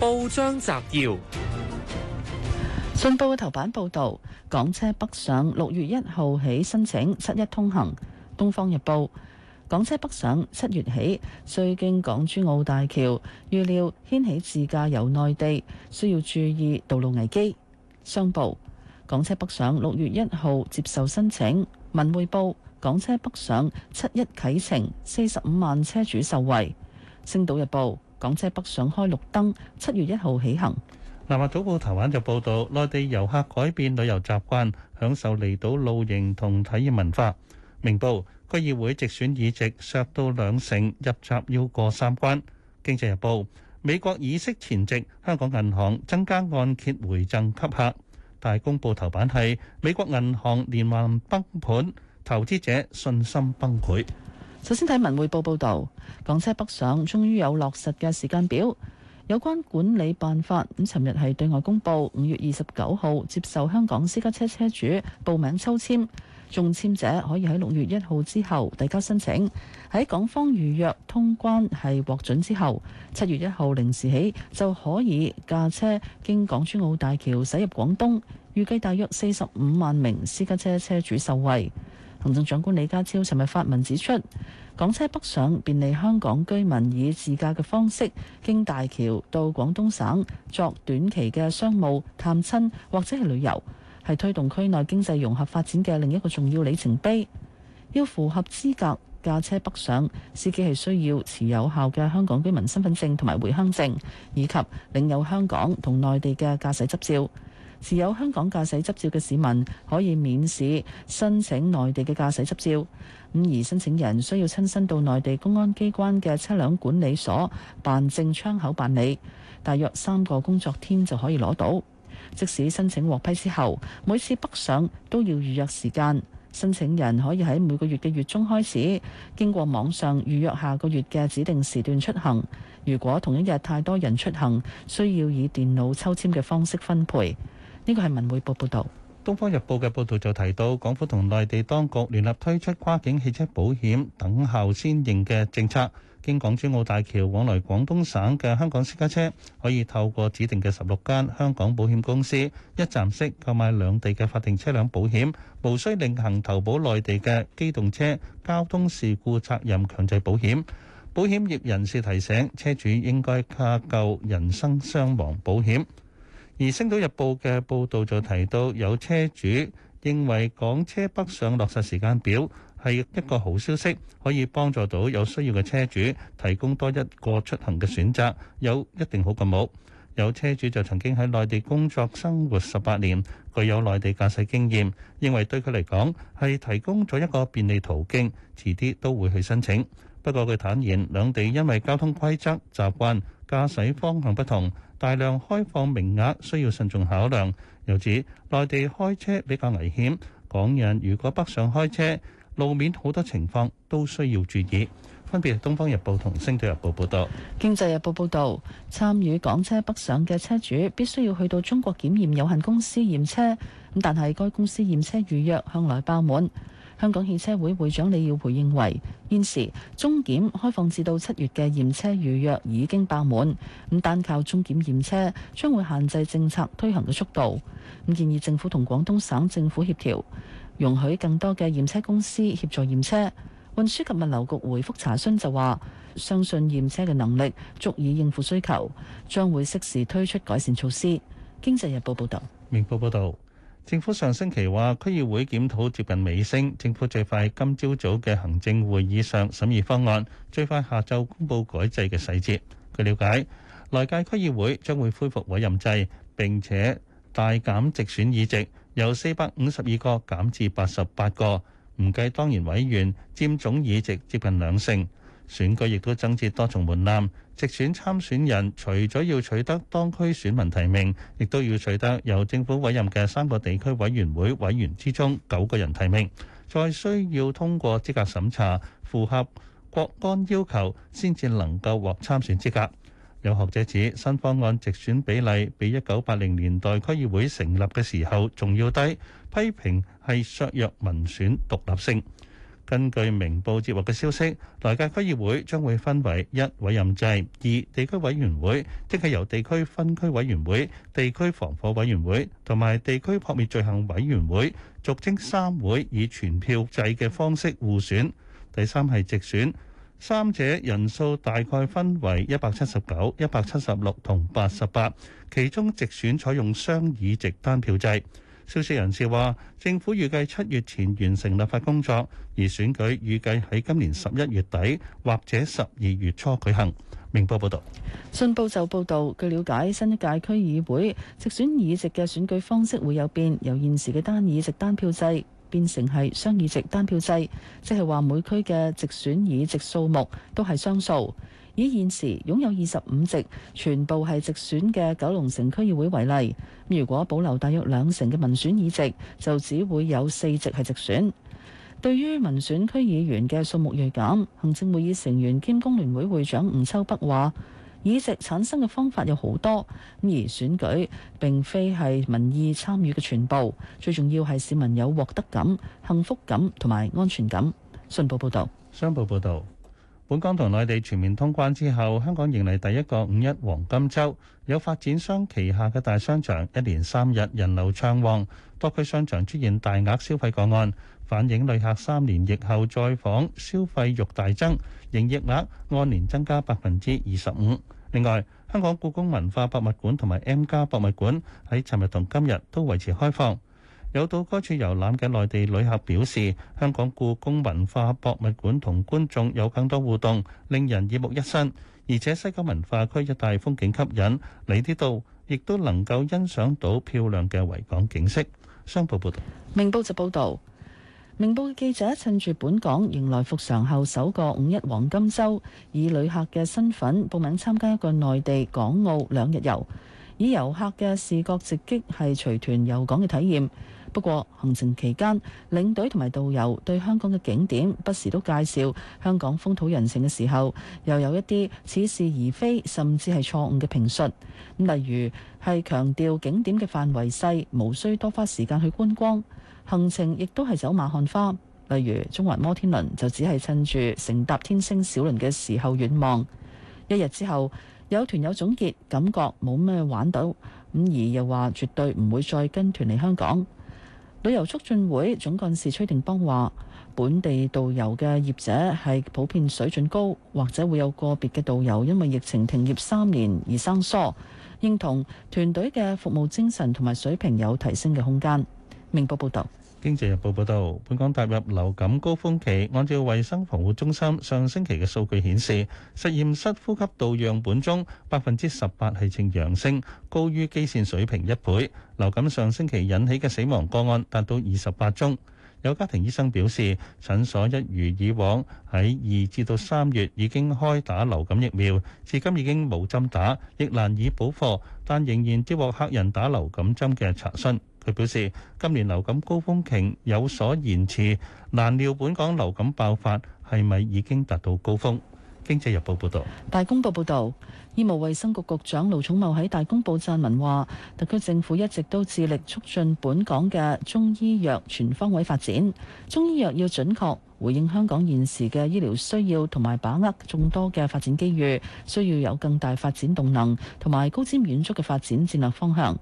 報章摘要：信報嘅頭版報道，港車北上六月一號起申請七一通行。東方日報：港車北上七月起需經港珠澳大橋，預料掀起自駕遊內地，需要注意道路危機。商報：港車北上六月一號接受申請。文匯報：港車北上七一啟程，四十五萬車主受惠。星島日報。港車北上開綠燈，七月一號起行。南華早報頭版就報導，內地遊客改變旅遊習慣，享受離島露營同體驗文化。明報，區議會直選議席削到兩成，入閘要過三關。經濟日報，美國議息前夕，香港銀行增加按揭回贈給客。大公報頭版係美國銀行連環崩盤，投資者信心崩潰。首先睇文匯報報道，港車北上終於有落實嘅時間表。有關管理辦法咁，尋日係對外公布，五月二十九號接受香港私家車車主報名抽簽，中簽者可以喺六月一號之後遞交申請。喺港方預約通關係獲准之後，七月一號零時起就可以駕車經港珠澳大橋駛入廣東。預計大約四十五萬名私家車車主受惠。行政長官李家超尋日發文指出，港車北上便利香港居民以自駕嘅方式經大橋到廣東省作短期嘅商務探親或者係旅遊，係推動區內經濟融合發展嘅另一個重要里程碑。要符合資格駕車北上，司機係需要持有效嘅香港居民身份證同埋回鄉證，以及領有香港同內地嘅駕駛執照。持有香港駕駛執照嘅市民可以免試申請內地嘅駕駛執照。咁而申請人需要親身到內地公安機關嘅車輛管理所辦證窗口辦理，大約三個工作天就可以攞到。即使申請獲批之後，每次北上都要預約時間。申請人可以喺每個月嘅月中開始，經過網上預約下個月嘅指定時段出行。如果同一日太多人出行，需要以電腦抽籤嘅方式分配。呢個係文匯報報導，《東方日報》嘅報導就提到，港府同內地當局聯合推出跨境汽車保險等效先認嘅政策，經港珠澳大橋往來廣東省嘅香港私家車，可以透過指定嘅十六間香港保險公司，一站式購買兩地嘅法定車輛保險，無需另行投保內地嘅機動車交通事故責任強制保險。保險業人士提醒，車主應該加購人身傷亡保險。而《星島日報》嘅報道就提到，有車主認為港車北上落實時間表係一個好消息，可以幫助到有需要嘅車主提供多一個出行嘅選擇，有一定好過冇。有車主就曾經喺內地工作生活十八年，具有內地駕駛經驗，認為對佢嚟講係提供咗一個便利途徑，遲啲都會去申請。不過佢坦言，兩地因為交通規則習慣，駕駛方向不同，大量開放名額需要慎重考量。又指內地開車比較危險，港人如果北上開車，路面好多情況都需要注意。分別係《東方日報》同《星島日報》報導。《經濟日報》報導，參與港車北上嘅車主必須要去到中國檢驗有限公司驗車，咁但係該公司驗車預約向來爆滿。香港汽車會會長李耀培認為，現時中檢開放至到七月嘅驗車預約已經爆滿，咁單靠中檢驗車將會限制政策推行嘅速度，建議政府同廣東省政府協調，容許更多嘅驗車公司協助驗車。運輸及物流局回覆查詢就話，相信驗車嘅能力足以應付需求，將會適時推出改善措施。經濟日報報道。明報報道。政府上星期話區議會檢討接近尾聲，政府最快今朝早嘅行政會議上審議方案，最快下晝公布改制嘅細節。據了解，來屆區議會將會恢復委任制，並且大減直選議席，由四百五十二個減至八十八個，唔計當然委員佔總議席接近兩成。選舉亦都增設多重門檻，直選參選人除咗要取得當區選民提名，亦都要取得由政府委任嘅三個地區委員會委員之中九個人提名，再需要通過資格審查，符合國安要求先至能夠獲參選資格。有學者指，新方案直選比例比一九八零年代區議會成立嘅時候仲要低，批評係削弱民選獨立性。根據明報接獲嘅消息，來屆區議會將會分為一委任制、二地區委員會，即係由地區分區委員會、地區防火委員會同埋地區撲滅罪行委員會，俗稱三會以全票制嘅方式互選。第三係直選，三者人數大概分為一百七十九、一百七十六同八十八，其中直選採用雙議席單票制。消息人士話，政府預計七月前完成立法工作，而選舉預計喺今年十一月底或者十二月初舉行。明報報道，信報就報道，據了解，新一屆區議會直選議席嘅選舉方式會有變，由現時嘅單議席單票制變成係雙議席單票制，即係話每區嘅直選議席數目都係雙數。以現時擁有二十五席，全部係直選嘅九龍城區議會為例，如果保留大約兩成嘅民選議席，就只會有四席係直選。對於民選區議員嘅數目銳減，行政會議成員兼工聯會會長吳秋北話：議席產生嘅方法有好多，而選舉並非係民意參與嘅全部，最重要係市民有獲得感、幸福感同埋安全感。信報報導，商報報導。本港同內地全面通關之後，香港迎嚟第一個五一黃金週，有發展商旗下嘅大商場一連三日人流暢旺，多區商場出現大額消費個案，反映旅客三年疫後再訪消費慾大增，營業額按年增加百分之二十五。另外，香港故宮文化博物館同埋 M 加博物館喺尋日同今日都維持開放。有到該處遊覽嘅內地旅客表示，香港故宮文化博物館同觀眾有更多互動，令人耳目一新。而且西九文化區一帶風景吸引，嚟呢度亦都能夠欣賞到漂亮嘅維港景色。商報報導，明報就報導，明報嘅記者趁住本港迎來復常後首個五一黃金週，以旅客嘅身份報名參加一個內地港澳兩日遊，以遊客嘅視覺直擊係隨團遊港嘅體驗。不過行程期間，領隊同埋導遊對香港嘅景點不時都介紹香港風土人情嘅時候，又有一啲似是而非甚至係錯誤嘅評述。例如係強調景點嘅範圍細，無需多花時間去觀光。行程亦都係走馬看花，例如中環摩天輪就只係趁住乘搭天星小輪嘅時候遠望。一日之後有團友總結，感覺冇咩玩到咁，而又話絕對唔會再跟團嚟香港。旅遊促進會總幹事崔定邦話：本地導遊嘅業者係普遍水準高，或者會有個別嘅導遊因為疫情停業三年而生疏，認同團隊嘅服務精神同埋水平有提升嘅空間。明報報道。經濟日報報導，本港踏入流感高峰期。按照衞生防護中心上星期嘅數據顯示，實驗室呼吸道樣本中百分之十八係呈陽性，高於基線水平一倍。流感上星期引起嘅死亡個案達到二十八宗。有家庭醫生表示，診所一如以往喺二至到三月已經開打流感疫苗，至今已經冇針打，亦難以補貨，但仍然接獲客人打流感針嘅查詢。佢表示，今年流感高峰期有所延遲，難料本港流感爆發係咪已經達到高峰。經濟日報報導，大公報報導，醫務衛生局局長盧寵茂喺大公報撰文話，特區政府一直都致力促進本港嘅中醫藥全方位發展。中醫藥要準確回應香港現時嘅醫療需要，同埋把握眾多嘅發展機遇，需要有更大發展動能，同埋高瞻遠矚嘅發展戰略方向。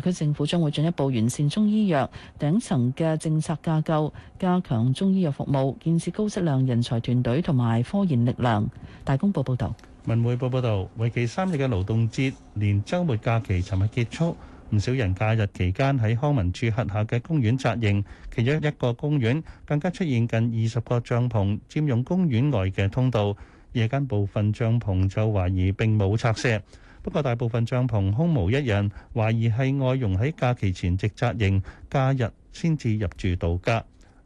特區政府將會進一步完善中醫藥頂層嘅政策架構，加強中醫藥服務，建設高質量人才團隊同埋科研力量。大公報報道，文匯報報道，為期三日嘅勞動節連週末假期，尋日結束，唔少人假日期間喺康文署轄下嘅公園紮營，其中一個公園更加出現近二十個帳篷，佔用公園外嘅通道。夜間部分帳篷就懷疑並冇拆卸。不過大部分帳篷空無一人，懷疑係外傭喺假期前夕紮營，假日先至入住度假。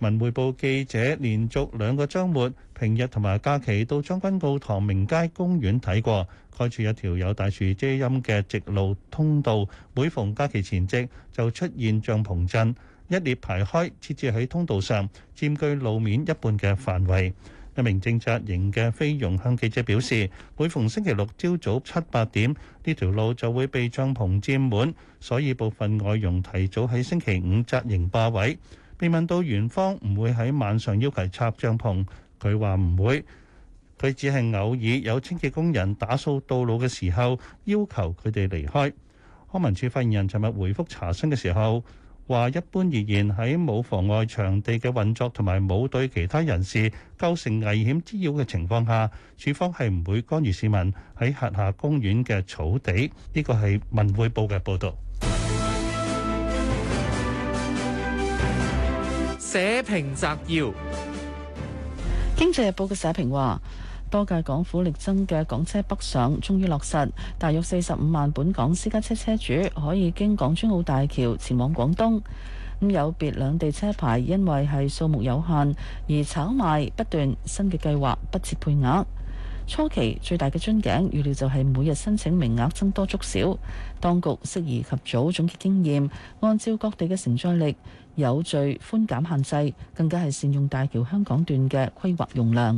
文匯報記者連續兩個周末平日同埋假期到將軍澳唐明街公園睇過，蓋住一條有大樹遮陰嘅直路通道，每逢假期前夕就出現帳篷陣，一列排開設置喺通道上，佔據路面一半嘅範圍。一名正扎營嘅菲傭向記者表示，每逢星期六朝早七八點，呢條路就會被帳篷佔滿，所以部分外傭提早喺星期五扎營霸位。被問到園方唔會喺晚上要求拆帳篷，佢話唔會，佢只係偶爾有清潔工人打掃道路嘅時候要求佢哋離開。康文署發言人尋日回覆查詢嘅時候，話一般而言，喺冇妨礙場地嘅運作，同埋冇對其他人士構成危險滋擾嘅情況下，署方係唔會干預市民喺轄下公園嘅草地。呢個係文匯報嘅報道。社評摘要：經濟日報嘅社評話。多屆港府力爭嘅港車北上終於落實，大約四十五萬本港私家車車主可以經港珠澳大橋前往廣東。咁有別兩地車牌，因為係數目有限而炒賣不斷，新嘅計劃不設配額。初期最大嘅樽頸預料就係每日申請名額增多足少，當局適宜及早總結經驗，按照各地嘅承載力，有序、寬減限制，更加係善用大橋香港段嘅規劃容量。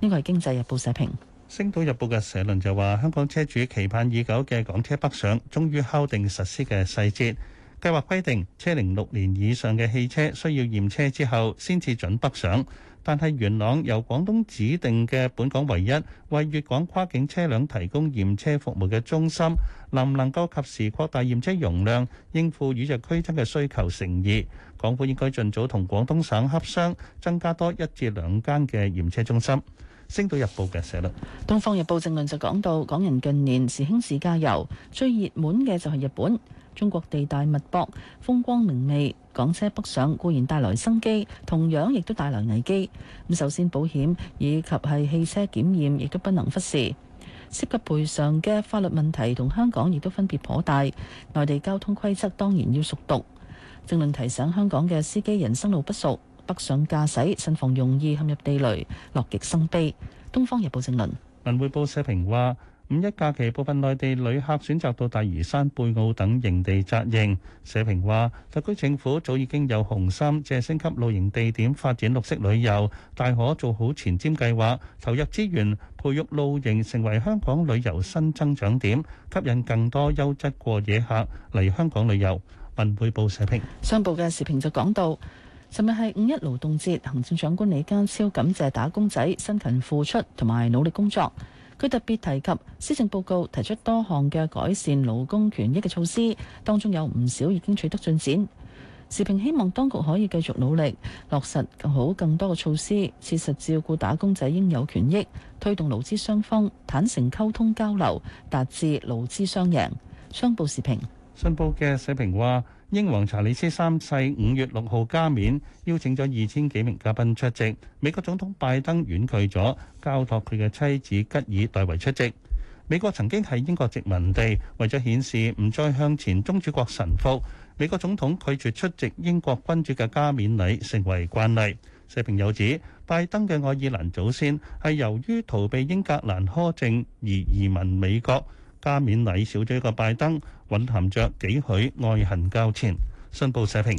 呢個係《經濟日報》社評，《星島日報》嘅社論就話：香港車主期盼已久嘅港車北上，終於敲定實施嘅細節。計劃規定，車齡六年以上嘅汽車需要驗車之後，先至準北上。但係元朗由廣東指定嘅本港唯一為粵港跨境車輛提供驗車服務嘅中心，能唔能夠及時擴大驗車容量，應付與日俱增嘅需求成疑。港府應該盡早同廣東省洽商，增加多一至兩間嘅驗車中心。星島日報嘅社論，《東方日報》正論就講到，港人近年時興自駕遊，最熱門嘅就係日本。中國地大物博，風光明媚，港車北上固然帶來生機，同樣亦都帶來危機。咁首先保險以及係汽車檢驗，亦都不能忽視。涉及賠償嘅法律問題同香港亦都分別頗大。內地交通規則當然要熟讀。正論提醒香港嘅司機人生路不熟，北上駕駛，慎防容易陷入地雷，樂極生悲。《東方日報》正論，《文匯報》社評話。五一假期，部分內地旅客選擇到大嶼山、貝澳等營地紮營。社評話：特區政府早已經有紅衫借升級露營地點，發展綠色旅遊，大可做好前瞻計劃，投入資源培育露營，成為香港旅遊新增長點，吸引更多優質過夜客嚟香港旅遊。文匯報社評。商報嘅時評就講到，尋日係五一勞動節，行政長官李家超感謝打工仔辛勤付出同埋努力工作。佢特別提及施政報告提出多項嘅改善勞工權益嘅措施，當中有唔少已經取得進展。時評希望當局可以繼續努力，落實更好更多嘅措施，切實照顧打工仔應有權益，推動勞資雙方坦誠溝通交流，達至勞資雙贏。商報時評，商報嘅社評話。英皇查理斯三世五月六號加冕，邀請咗二千幾名嘉賓出席。美國總統拜登婉拒咗，交託佢嘅妻子吉爾代為出席。美國曾經係英國殖民地，為咗顯示唔再向前宗主國臣服，美國總統拒絕出席英國君主嘅加冕禮，成為慣例。社評又指，拜登嘅愛爾蘭祖先係由於逃避英格蘭苛政而移民美國。加冕禮少咗一個拜登。蘊含着幾許愛恨交纏，信報社評。